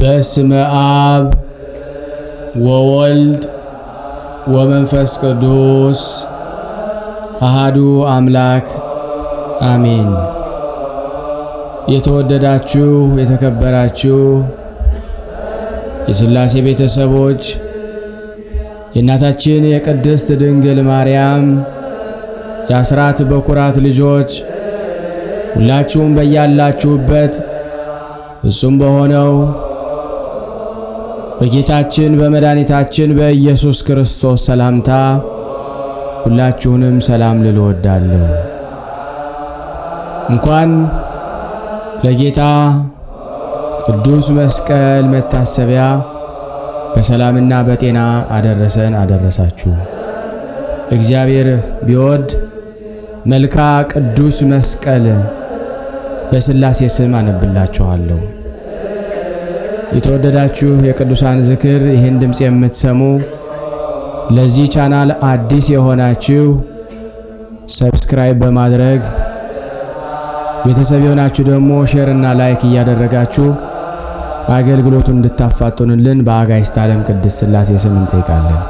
በስመ አብ ወወልድ ወመንፈስ ቅዱስ አሃዱ አምላክ አሜን። የተወደዳችሁ የተከበራችሁ የሥላሴ ቤተሰቦች የእናታችን የቅድስት ድንግል ማርያም የአስራት በኩራት ልጆች ሁላችሁም በያላችሁበት እሱም በሆነው በጌታችን በመድኃኒታችን በኢየሱስ ክርስቶስ ሰላምታ ሁላችሁንም ሰላም ልል እወዳለሁ። እንኳን ለጌታ ቅዱስ መስቀል መታሰቢያ በሰላምና በጤና አደረሰን አደረሳችሁ። እግዚአብሔር ቢወድ መልካ ቅዱስ መስቀል በሥላሴ ስም አነብላችኋለሁ። የተወደዳችሁ የቅዱሳን ዝክር ይህን ድምፅ የምትሰሙ ለዚህ ቻናል አዲስ የሆናችሁ ሰብስክራይብ በማድረግ ቤተሰብ የሆናችሁ ደግሞ ሼር እና ላይክ እያደረጋችሁ አገልግሎቱን እንድታፋጡንልን በአጋዕዝተ ዓለም ቅድስት ሥላሴ ስም እንጠይቃለን።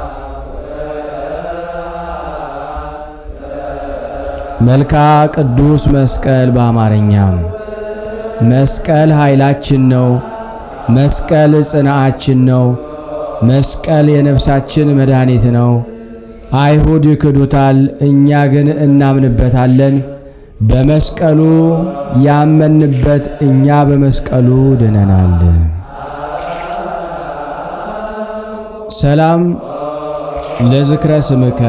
መልካ ቅዱስ መስቀል በአማርኛም መስቀል ኃይላችን ነው። መስቀል ጽንዓችን ነው። መስቀል የነፍሳችን መድኃኒት ነው። አይሁድ ይክዱታል፣ እኛ ግን እናምንበታለን። በመስቀሉ ያመንበት እኛ በመስቀሉ ድነናል። ሰላም ለዝክረ ስምከ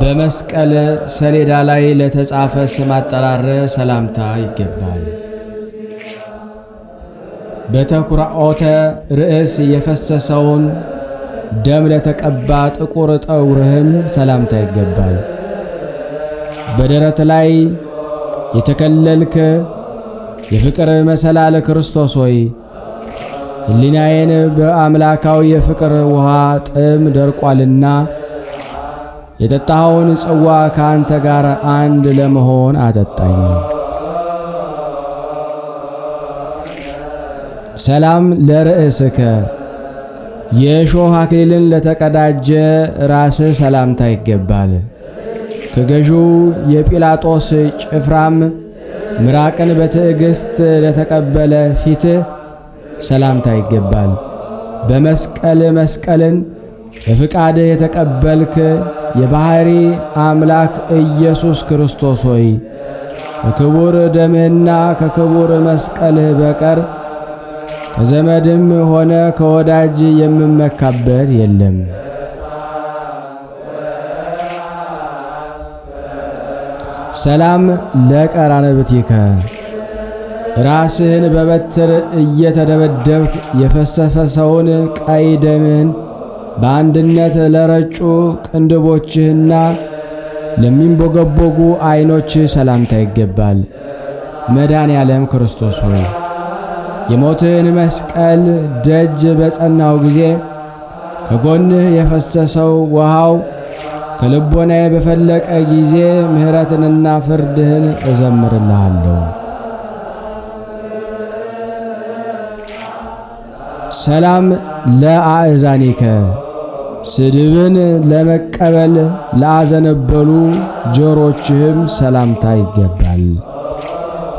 በመስቀል ሰሌዳ ላይ ለተጻፈ ስም አጠራር ሰላምታ ይገባል። በተኩራኦተ ርእስ የፈሰሰውን ደም ለተቀባ ጥቁር ጠጉርህም ሰላምታ ይገባል። በደረት ላይ የተከለልክ የፍቅር መሰላል ክርስቶስ ሆይ ሕሊናዬን በአምላካዊ የፍቅር ውሃ ጥም ደርቋልና የጠጣኸውን ጽዋ ከአንተ ጋር አንድ ለመሆን አጠጣኝ። ሰላም ለርእስከ የእሾህ አክሊልን ለተቀዳጀ ራስ ሰላምታ ይገባል። ከገዢው የጲላጦስ ጭፍራም ምራቅን በትዕግሥት ለተቀበለ ፊትህ ሰላምታ ይገባል። በመስቀል መስቀልን በፍቃድህ የተቀበልክ የባሕሪ አምላክ ኢየሱስ ክርስቶስ ሆይ ከክቡር ደምህና ከክቡር መስቀልህ በቀር ከዘመድም ሆነ ከወዳጅ የምመካበት የለም። ሰላም ለቀራንብትከ ራስህን በበትር እየተደበደብክ የፈሰፈሰውን ቀይ ደምህን በአንድነት ለረጩ ቅንድቦችህና ለሚንቦገቦጉ አይኖች ሰላምታ ይገባል። መድኃኔ ዓለም ክርስቶስ ሆይ የሞትን መስቀል ደጅ በጸናው ጊዜ ከጎንህ የፈሰሰው ውሃው ከልቦናዬ በፈለቀ ጊዜ ምሕረትንና ፍርድህን እዘምርልሃለሁ። ሰላም ለአእዛኒከ ስድብን ለመቀበል ለአዘነበሉ ጆሮችህም ሰላምታ ይገባል።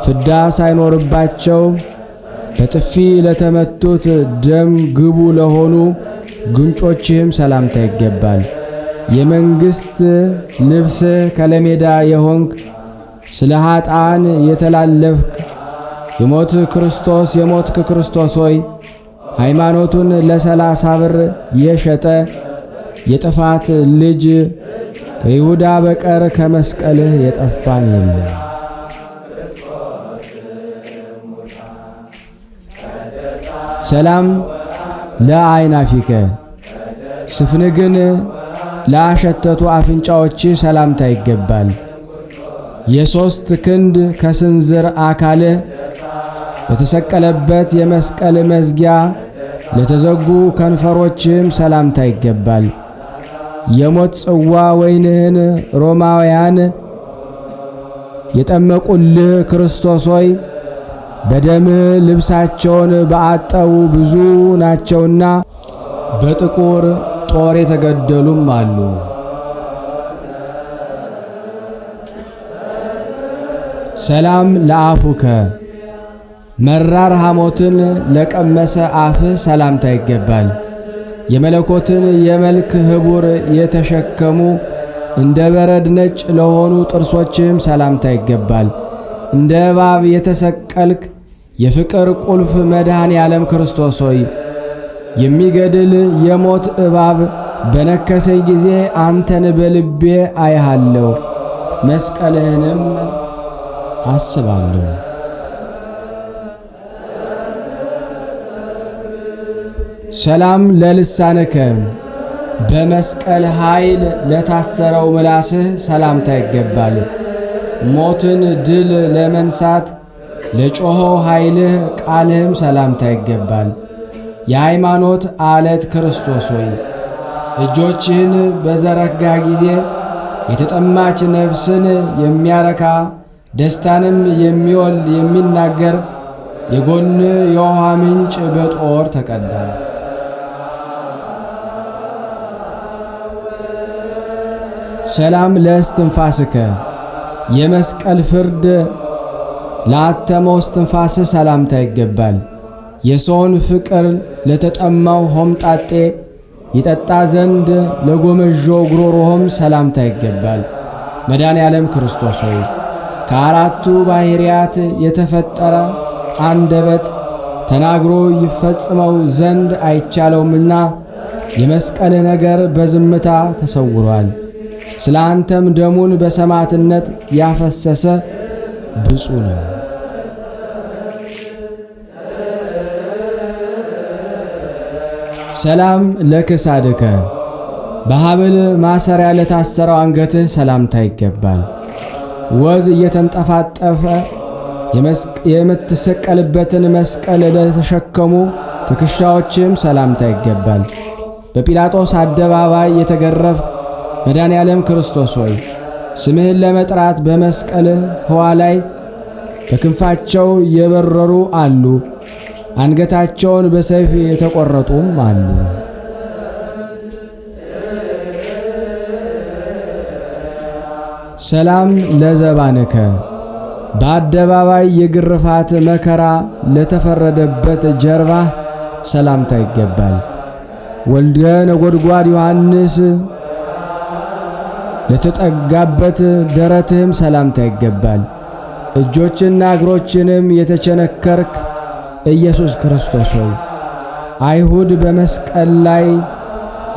ፍዳ ሳይኖርባቸው በጥፊ ለተመቱት ደም ግቡ ለሆኑ ጉንጮችህም ሰላምታ ይገባል። የመንግሥት ልብስ ከለሜዳ የሆንክ ስለ ኀጣን የተላለፍክ የሞት ክርስቶስ የሞትክ ክርስቶስ ሆይ ሃይማኖቱን ለሰላሳ ብር የሸጠ የጥፋት ልጅ ከይሁዳ በቀር ከመስቀልህ የጠፋን የለም። ሰላም ለአይናፊከ ስፍንግን ለአሸተቱ አፍንጫዎች ሰላምታ ይገባል። የሦስት ክንድ ከስንዝር አካል በተሰቀለበት የመስቀል መዝጊያ ለተዘጉ ከንፈሮችም ሰላምታ ይገባል። የሞት ጽዋ ወይንህን ሮማውያን የጠመቁልህ ክርስቶስ ሆይ በደም ልብሳቸውን በአጠቡ ብዙ ናቸውና በጥቁር ጦር የተገደሉም አሉ። ሰላም ለአፉከ መራር ሐሞትን ለቀመሰ አፍህ ሰላምታ ይገባል። የመለኮትን የመልክ ህቡር የተሸከሙ እንደ በረድ ነጭ ለሆኑ ጥርሶችህም ሰላምታ ይገባል። እንደ እባብ የተሰቀልክ የፍቅር ቁልፍ መድኃኔ ዓለም ክርስቶስ ሆይ የሚገድል የሞት እባብ በነከሰኝ ጊዜ አንተን በልቤ አይሃለሁ፣ መስቀልህንም አስባለሁ። ሰላም ለልሳንከ በመስቀል ኃይል ለታሰረው ምላስህ ሰላምታ ይገባል። ሞትን ድል ለመንሳት ለጮሆ ኃይልህ ቃልህም ሰላምታ ይገባል። የሃይማኖት አለት ክርስቶስ ሆይ እጆችህን በዘረጋ ጊዜ የተጠማች ነፍስን የሚያረካ ደስታንም የሚወል የሚናገር የጎን የውሃ ምንጭ በጦር ተቀዳ። ሰላም ለእስትንፋስከ የመስቀል ፍርድ ለአተመው ትንፋስ ሰላምታ ይገባል። የሰውን ፍቅር ለተጠማው ሆምጣጤ ይጠጣ ዘንድ ለጎመዦ ጉሮሮሆም ሰላምታ ይገባል። መድኃኔ ዓለም ክርስቶስ ሆይ ከአራቱ ባሕርያት የተፈጠረ አንደበት ተናግሮ ይፈጽመው ዘንድ አይቻለውምና የመስቀል ነገር በዝምታ ተሰውሯል። ስለ አንተም ደሙን በሰማዕትነት ያፈሰሰ ብፁ ነው። ሰላም ለክሳድከ በሐብል ማሰሪያ ለታሰረው አንገትህ ሰላምታ ይገባል። ወዝ እየተንጠፋጠፈ የምትሰቀልበትን መስቀል ለተሸከሙ ትከሻዎችም ሰላምታ ይገባል። በጲላጦስ አደባባይ የተገረፍ መድኃኔ ዓለም ክርስቶስ ሆይ ስምህን ለመጥራት በመስቀልህ ህዋ ላይ በክንፋቸው የበረሩ አሉ፣ አንገታቸውን በሰይፍ የተቆረጡም አሉ። ሰላም ለዘባንከ በአደባባይ የግርፋት መከራ ለተፈረደበት ጀርባ ሰላምታ ይገባል። ወልደ ነጎድጓድ ዮሐንስ ለተጠጋበት ደረትህም ሰላምታ ይገባል። እጆችና እግሮችንም የተቸነከርክ ኢየሱስ ክርስቶስ ሆይ አይሁድ በመስቀል ላይ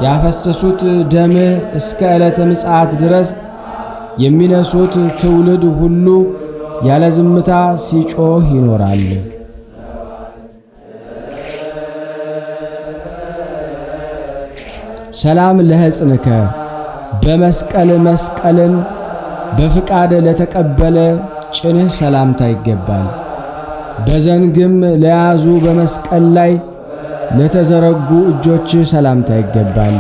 ያፈሰሱት ደምህ እስከ ዕለተ ምጽአት ድረስ የሚነሱት ትውልድ ሁሉ ያለ ዝምታ ሲጮህ ይኖራል። ሰላም ለሕፅንከ በመስቀል መስቀልን በፍቃድ ለተቀበለ ጭንህ ሰላምታ ይገባል። በዘንግም ለያዙ በመስቀል ላይ ለተዘረጉ እጆች ሰላምታ ይገባል።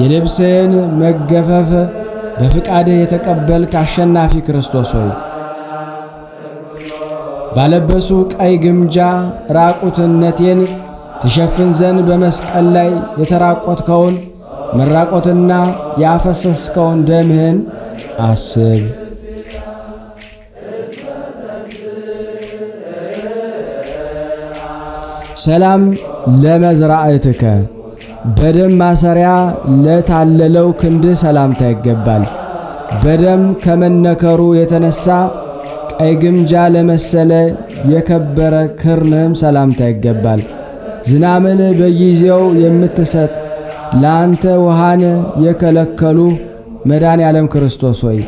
የልብስህን መገፈፍ በፍቃድህ የተቀበልክ አሸናፊ ክርስቶስ ሆይ ባለበሱ ቀይ ግምጃ ራቁትነቴን ትሸፍን ዘንድ በመስቀል ላይ የተራቆትከውን መራቆትና ያፈሰስከውን ደምህን አስብ። ሰላም ለመዝራእትከ በደም ማሰሪያ ለታለለው ክንድህ ሰላምታ ይገባል። በደም ከመነከሩ የተነሳ ቀይ ግምጃ ለመሰለ የከበረ ክርንህም ሰላምታ ይገባል። ዝናምን በጊዜው የምትሰጥ ለአንተ ውሃን የከለከሉ መዳን ያለም ክርስቶስ ሆይ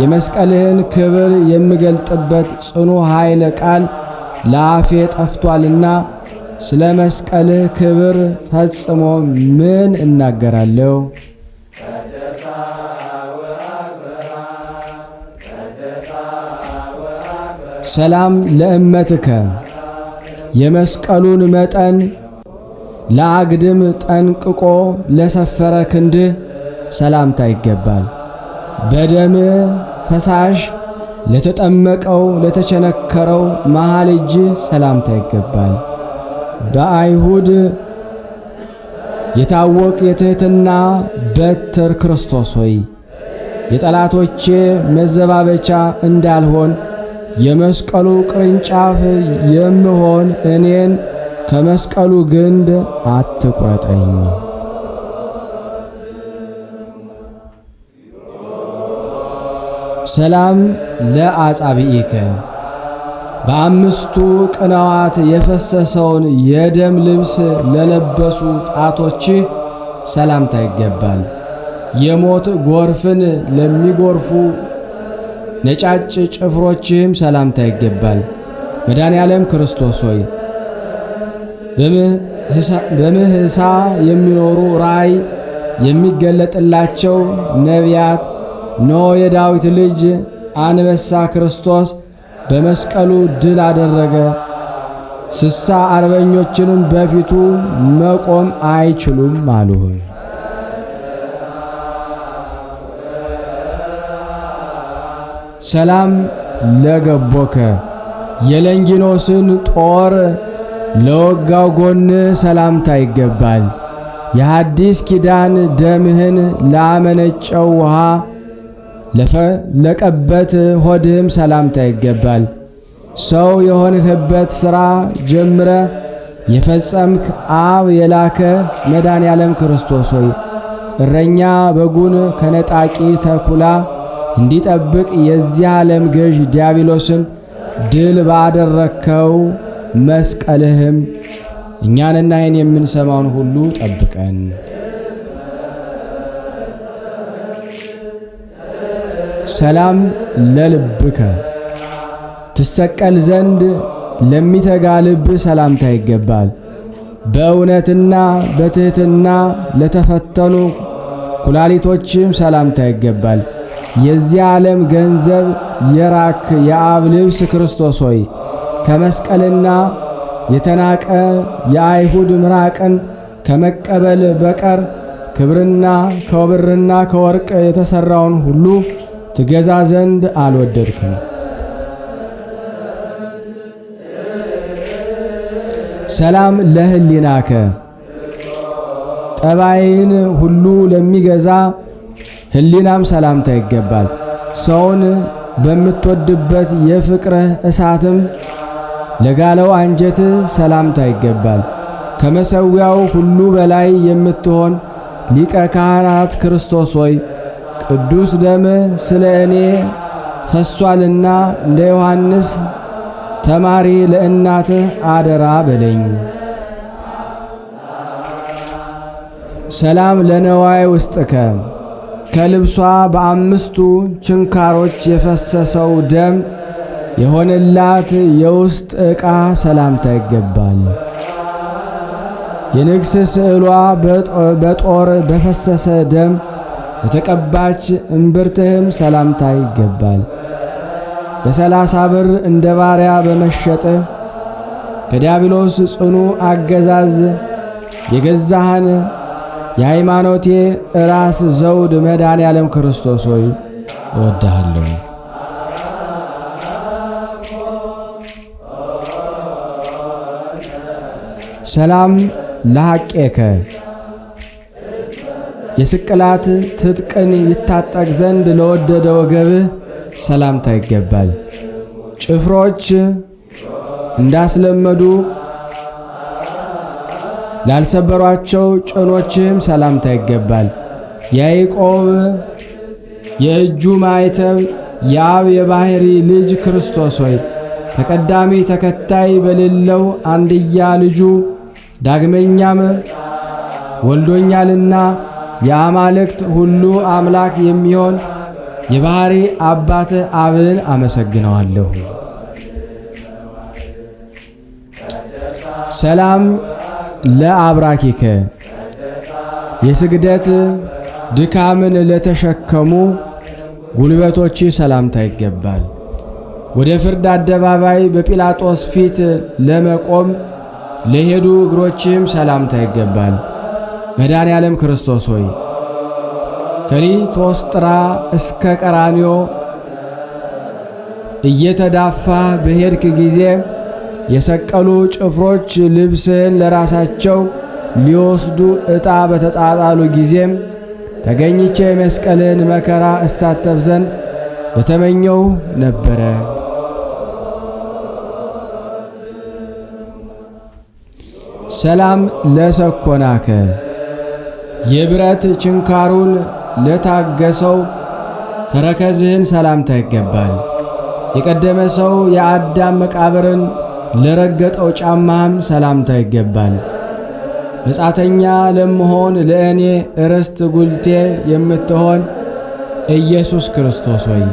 የመስቀልህን ክብር የምገልጥበት ጽኑ ኃይለ ቃል ለአፌ ጠፍቷልና ስለ መስቀልህ ክብር ፈጽሞ ምን እናገራለሁ? ሰላም ለእመትከ የመስቀሉን መጠን ለአግድም ጠንቅቆ ለሰፈረ ክንድህ ሰላምታ ይገባል። በደም ፈሳሽ ለተጠመቀው ለተቸነከረው መሃል እጅህ ሰላምታ ይገባል። በአይሁድ የታወቅ የትሕትና በትር ክርስቶስ ሆይ የጠላቶቼ መዘባበቻ እንዳልሆን የመስቀሉ ቅርንጫፍ የምሆን እኔን ከመስቀሉ ግንድ አትቁረጠኝ። ሰላም ለአጻብኢከ በአምስቱ ቅንዋት የፈሰሰውን የደም ልብስ ለለበሱ ጣቶችህ ሰላምታ ይገባል። የሞት ጎርፍን ለሚጎርፉ ነጫጭ ጭፍሮችህም ሰላምታ ይገባል። መድኃኔ ዓለም ክርስቶስ ሆይ በምህሳ የሚኖሩ ራእይ የሚገለጥላቸው ነቢያት እነሆ የዳዊት ልጅ አንበሳ ክርስቶስ በመስቀሉ ድል አደረገ፣ ስሳ አርበኞችንም በፊቱ መቆም አይችሉም አሉ። ሰላም ለገቦከ የለንጊኖስን ጦር ለወጋው ጎን ሰላምታ ይገባል። የሐዲስ ኪዳን ደምህን ላመነጨው ውሃ ለቀበት ሆድህም ሰላምታ ይገባል። ሰው የሆንህበት ሥራ ጀምረ የፈጸምክ አብ የላከ መዳን ያለም ክርስቶስ ሆይ እረኛ በጉን ከነጣቂ ተኩላ እንዲጠብቅ የዚህ ዓለም ገዥ ዲያብሎስን ድል ባደረከው መስቀልህም እኛንና ይህን የምንሰማውን ሁሉ ጠብቀን። ሰላም ለልብከ ትሰቀል ዘንድ ለሚተጋ ልብ ሰላምታ ይገባል። በእውነትና በትህትና ለተፈተኑ ኩላሊቶችም ሰላምታ ይገባል። የዚህ ዓለም ገንዘብ የራክ የአብ ልብስ ክርስቶስ ሆይ ከመስቀልና የተናቀ የአይሁድ ምራቅን ከመቀበል በቀር ክብርና ከብርና ከወርቅ የተሠራውን ሁሉ ትገዛ ዘንድ አልወደድክም። ሰላም ለህሊናከ ጠባይን ሁሉ ለሚገዛ ህሊናም ሰላምታ ይገባል። ሰውን በምትወድበት የፍቅርህ እሳትም ለጋለው አንጀት ሰላምታ ይገባል። ከመሠዊያው ሁሉ በላይ የምትሆን ሊቀ ካህናት ክርስቶስ ሆይ ቅዱስ ደም ስለ እኔ ፈሷልና እንደ ዮሐንስ ተማሪ ለእናትህ አደራ በለኝ። ሰላም ለነዋይ ውስጥከ ከልብሷ በአምስቱ ችንካሮች የፈሰሰው ደም የሆነላት የውስጥ ዕቃ ሰላምታ ይገባል። የንግሥ ስዕሏ በጦር በፈሰሰ ደም የተቀባች እምብርትህም ሰላምታ ይገባል። በሰላሳ ብር እንደ ባሪያ በመሸጥ ከዲያብሎስ ጽኑ አገዛዝ የገዛህን የሃይማኖቴ ራስ ዘውድ መድኃኔ ዓለም ክርስቶስ ሆይ እወድሃለሁ። ሰላም ለሐቄከ የስቅላት ትጥቅን ይታጠቅ ዘንድ ለወደደ ወገብህ ሰላምታ ይገባል። ጭፍሮች እንዳስለመዱ ላልሰበሯቸው ጭኖችህም ሰላምታ ይገባል። ያዕቆብ የእጁ ማይተብ የአብ የባሕሪ ልጅ ክርስቶስ ሆይ ተቀዳሚ ተከታይ በሌለው አንድያ ልጁ ዳግመኛም ወልዶኛልና የአማልክት ሁሉ አምላክ የሚሆን የባህሪ አባት አብን አመሰግነዋለሁ። ሰላም ለአብራኪከ የስግደት ድካምን ለተሸከሙ ጉልበቶች ሰላምታ ይገባል። ወደ ፍርድ አደባባይ በጲላጦስ ፊት ለመቆም ለሄዱ እግሮችም ሰላምታ ይገባል። መድኃኔ ዓለም ክርስቶስ ሆይ ከሊቶስጥራ እስከ ቀራንዮ እየተዳፋ በሄድክ ጊዜ የሰቀሉ ጭፍሮች ልብስህን ለራሳቸው ሊወስዱ ዕጣ በተጣጣሉ ጊዜም ተገኝቼ የመስቀልን መከራ እሳተፍ ዘንድ በተመኘው ነበረ። ሰላም ለሰኮናከ የብረት ችንካሩን ለታገሰው ተረከዝህን ሰላምታ ይገባል። የቀደመ ሰው የአዳም መቃብርን ለረገጠው ጫማህም ሰላምታ ይገባል። መጻተኛ ለመሆን ለእኔ እርስት ጉልቴ የምትሆን ኢየሱስ ክርስቶስ ሆይ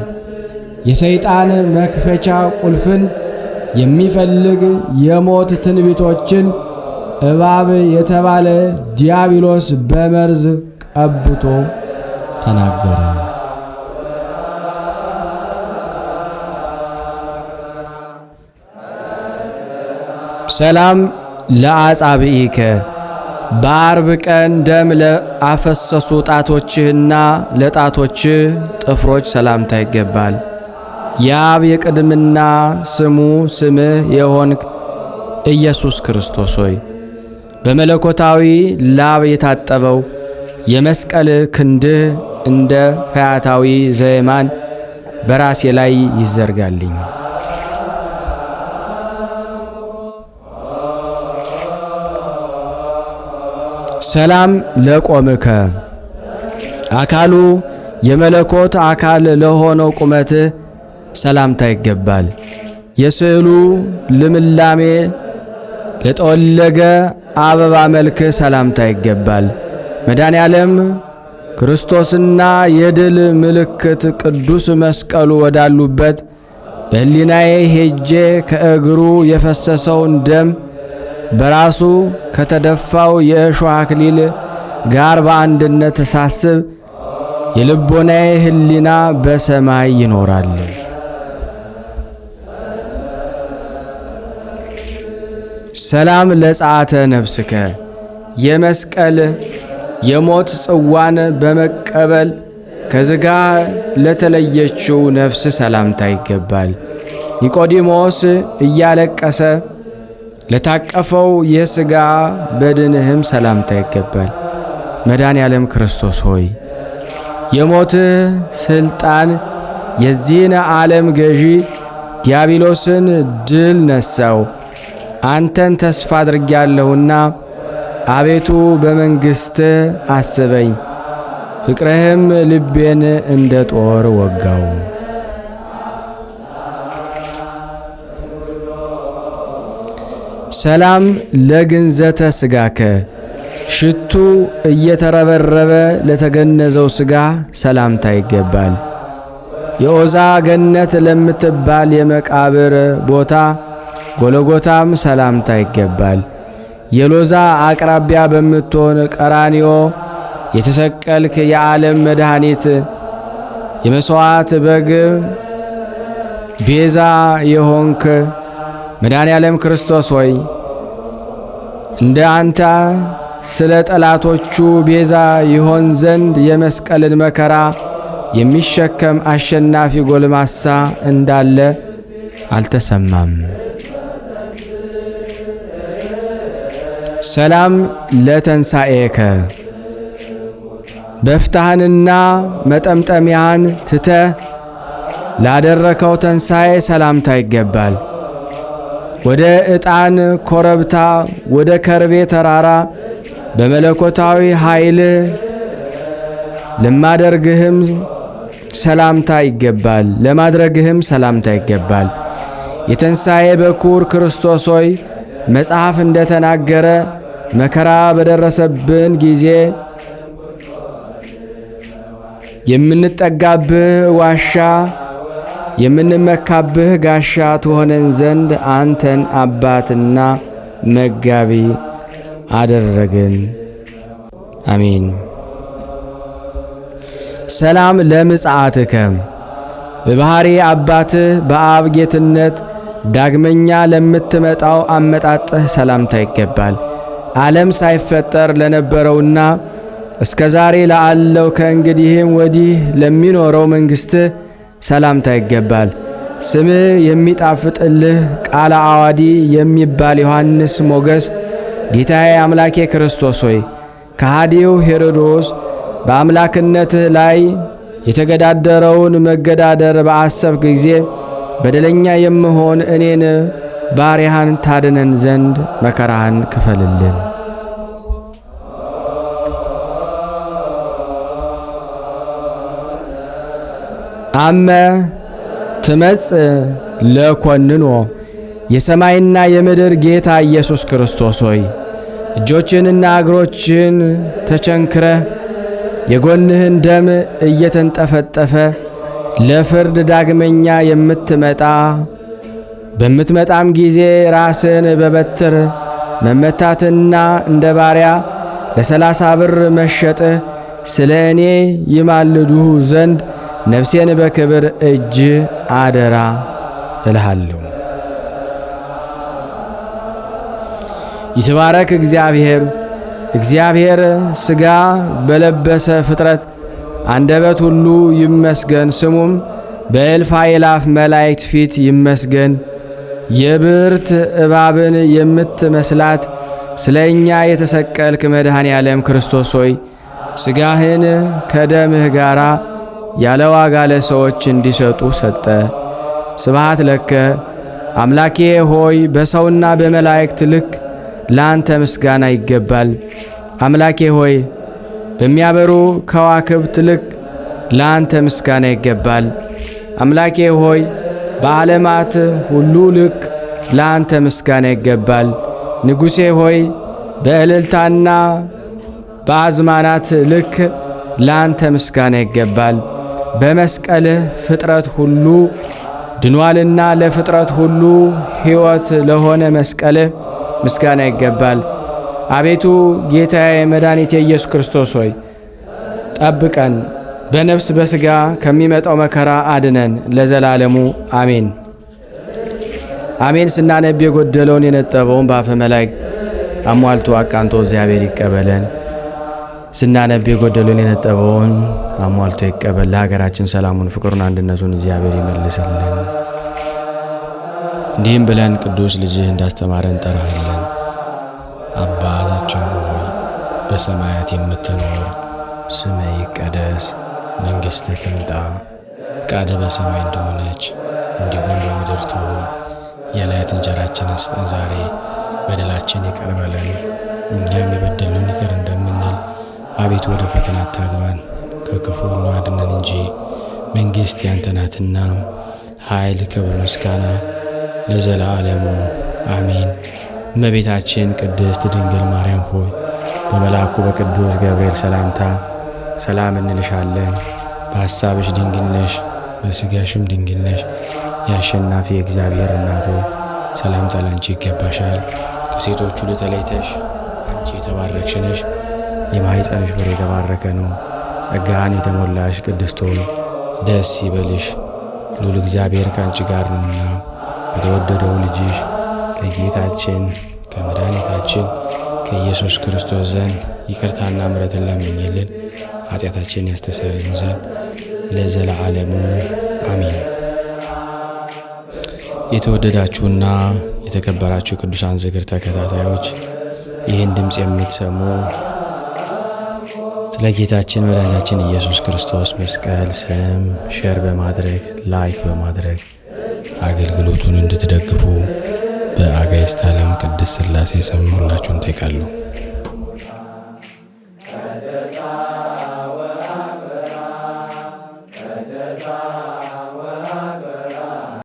የሰይጣን መክፈቻ ቁልፍን የሚፈልግ የሞት ትንቢቶችን እባብ የተባለ ዲያብሎስ በመርዝ ቀብቶ ተናገረ። ሰላም ለአጻብኢከ በአርብ ቀን ደም ለአፈሰሱ ጣቶችህና ለጣቶችህ ጥፍሮች ሰላምታ ይገባል። የአብ የቅድምና ስሙ ስምህ የሆንክ ኢየሱስ ክርስቶስ ሆይ በመለኮታዊ ላብ የታጠበው የመስቀል ክንድህ እንደ ፈያታዊ ዘየማን በራሴ ላይ ይዘርጋልኝ። ሰላም ለቆምከ አካሉ የመለኮት አካል ለሆነው ቁመትህ ሰላምታ ይገባል። የስዕሉ ልምላሜ ለጠወለገ አበባ መልክ ሰላምታ ይገባል። መድኃኔ ዓለም ክርስቶስና የድል ምልክት ቅዱስ መስቀሉ ወዳሉበት በሕሊናዬ ሄጄ ከእግሩ የፈሰሰውን ደም በራሱ ከተደፋው የእሾህ አክሊል ጋር በአንድነት ተሳስብ የልቦናዬ ሕሊና በሰማይ ይኖራል። ሰላም ለጸአተ ነፍስከ የመስቀል የሞት ጽዋን በመቀበል ከዝጋ ለተለየችው ነፍስ ሰላምታ ይገባል። ኒቆዲሞስ እያለቀሰ ለታቀፈው የሥጋ በድንህም ሰላምታ ይገባል። መድኃኔ ዓለም ክርስቶስ ሆይ የሞትህ ሥልጣን የዚህን ዓለም ገዢ ዲያብሎስን ድል ነሳው። አንተን ተስፋ አድርጌያለሁና አቤቱ በመንግሥት አስበኝ። ፍቅርህም ልቤን እንደ ጦር ወጋው። ሰላም ለግንዘተ ሥጋከ ሽቱ እየተረበረበ ለተገነዘው ሥጋ ሰላምታ ይገባል። የኦዛ ገነት ለምትባል የመቃብር ቦታ ጎለጎታም ሰላምታ ይገባል። የሎዛ አቅራቢያ በምትሆን ቀራኒዮ የተሰቀልክ የዓለም መድኃኒት የመሥዋዕት በግ ቤዛ የሆንክ መድኃኔ ዓለም ክርስቶስ ሆይ እንደ አንተ ስለ ጠላቶቹ ቤዛ ይሆን ዘንድ የመስቀልን መከራ የሚሸከም አሸናፊ ጎልማሳ እንዳለ አልተሰማም። ሰላም ለተንሣኤከ በፍታህንና መጠምጠሚያህን ትተ ላደረከው ተንሣኤ ሰላምታ ይገባል። ወደ ዕጣን ኮረብታ ወደ ከርቤ ተራራ በመለኮታዊ ኃይልህ ለማደርግህም ሰላምታ ይገባል። ለማድረግህም ሰላምታ ይገባል። የተንሣኤ በኩር ክርስቶስ ሆይ መጽሐፍ እንደተናገረ መከራ በደረሰብን ጊዜ የምንጠጋብህ ዋሻ የምንመካብህ ጋሻ ትሆነን ዘንድ አንተን አባትና መጋቢ አደረግን። አሚን። ሰላም ለምጽአትከ በባህሪ አባትህ በአብ ጌትነት ዳግመኛ ለምትመጣው አመጣጥህ ሰላምታ ይገባል። ዓለም ሳይፈጠር ለነበረውና እስከ ዛሬ ላለው ከእንግዲህም ወዲህ ለሚኖረው መንግሥትህ ሰላምታ ይገባል። ስምህ የሚጣፍጥልህ ቃለ አዋዲ የሚባል ዮሐንስ ሞገስ፣ ጌታዬ አምላኬ ክርስቶስ ሆይ ከሃዲው ሄሮዶስ በአምላክነትህ ላይ የተገዳደረውን መገዳደር በአሰብክ ጊዜ በደለኛ የምሆን እኔን ባሪያህን ታድነን ዘንድ መከራህን ክፈልልን። አመ ትመፅ ለኮንኖ የሰማይና የምድር ጌታ ኢየሱስ ክርስቶስ ሆይ እጆችንና እግሮችን ተቸንክረ የጎንህን ደም እየተንጠፈጠፈ ለፍርድ ዳግመኛ የምትመጣ በምትመጣም ጊዜ ራስን በበትር መመታትና እንደ ባሪያ ለሰላሳ ብር መሸጥህ ስለ እኔ ይማልዱህ ዘንድ ነፍሴን በክብር እጅ አደራ እልሃለሁ። ይትባረክ እግዚአብሔር እግዚአብሔር ሥጋ በለበሰ ፍጥረት አንደበት ሁሉ ይመስገን፣ ስሙም በእልፍ አእላፍ መላእክት ፊት ይመስገን። የብርት እባብን የምትመስላት ስለ እኛ የተሰቀልክ መድኃኔ ዓለም ክርስቶስ ሆይ ሥጋህን ከደምህ ጋር ያለ ዋጋ ለሰዎች እንዲሰጡ ሰጠ። ስብሃት ለከ አምላኬ ሆይ በሰውና በመላእክት ልክ ለአንተ ምስጋና ይገባል። አምላኬ ሆይ በሚያበሩ ከዋክብት ልክ ለአንተ ምስጋና ይገባል። አምላኬ ሆይ በዓለማት ሁሉ ልክ ለአንተ ምስጋና ይገባል። ንጉሴ ሆይ በእልልታና በአዝማናት ልክ ለአንተ ምስጋና ይገባል። በመስቀልህ ፍጥረት ሁሉ ድኗልና ለፍጥረት ሁሉ ሕይወት ለሆነ መስቀልህ ምስጋና ይገባል። አቤቱ ጌታዬ መድኃኒቴ ኢየሱስ ክርስቶስ ሆይ ጠብቀን በነፍስ በስጋ ከሚመጣው መከራ አድነን ለዘላለሙ አሜን። አሜን ስናነብ የጎደለውን የነጠበውን በአፈ መላእክት አሟልቶ አቃንቶ እግዚአብሔር ይቀበለን። ስናነብ የጎደለውን የነጠበውን አሟልቶ ይቀበል። ለሀገራችን ሰላሙን፣ ፍቅሩን፣ አንድነቱን እግዚአብሔር ይመልስልን። እንዲህም ብለን ቅዱስ ልጅህ እንዳስተማረን እንጠራሃለን። አባታችን ሆይ በሰማያት የምትኖር ስምህ ይቀደስ መንግሥት ትምጣ፣ ፈቃድህ በሰማይ እንደሆነች እንዲሁም በምድር ትሁን። የዕለት እንጀራችንን ስጠን ዛሬ፣ በደላችን ይቅር በለን እኛም የበደሉንን ይቅር እንደምንል፣ አቤቱ ወደ ፈተና አታግባን፣ ከክፉ ሁሉ አድነን እንጂ መንግሥት ያንተ ናትና፣ ኃይል፣ ክብር፣ ምስጋና ለዘላለሙ አሜን። እመቤታችን ቅድስት ድንግል ማርያም ሆይ በመልአኩ በቅዱስ ገብርኤል ሰላምታ ሰላም እንልሻለን። በሐሳብሽ ድንግል ነሽ፣ በሥጋሽም ድንግል ነሽ። የአሸናፊ የእግዚአብሔር እናቶ ሰላምታ ላንቺ ይገባሻል። ከሴቶቹ ሁሉ ተለይተሽ አንቺ የተባረክሽ ነሽ፣ የማኅፀንሽ ፍሬ የተባረከ ነው። ጸጋን የተሞላሽ ቅድስት ሆይ ደስ ይበልሽ፣ ሉል እግዚአብሔር ከአንቺ ጋር ነውና በተወደደው ልጅሽ ከጌታችን ከመድኃኒታችን ከኢየሱስ ክርስቶስ ዘንድ ይቅርታና ምሕረትን ለምኝልን ኃጢአታችን ያስተሰርይልን ዘንድ ለዘለዓለሙ አሜን። የተወደዳችሁና የተከበራችሁ ቅዱሳን ዝክር ተከታታዮች ይህን ድምፅ የምትሰሙ ስለ ጌታችን መድኃኒታችን ኢየሱስ ክርስቶስ መስቀል ስም ሼር በማድረግ ላይክ በማድረግ አገልግሎቱን እንድትደግፉ በአጋዕዝተ ዓለም ቅድስት ሥላሴ ስም ሁላችሁን ጠይቃለሁ።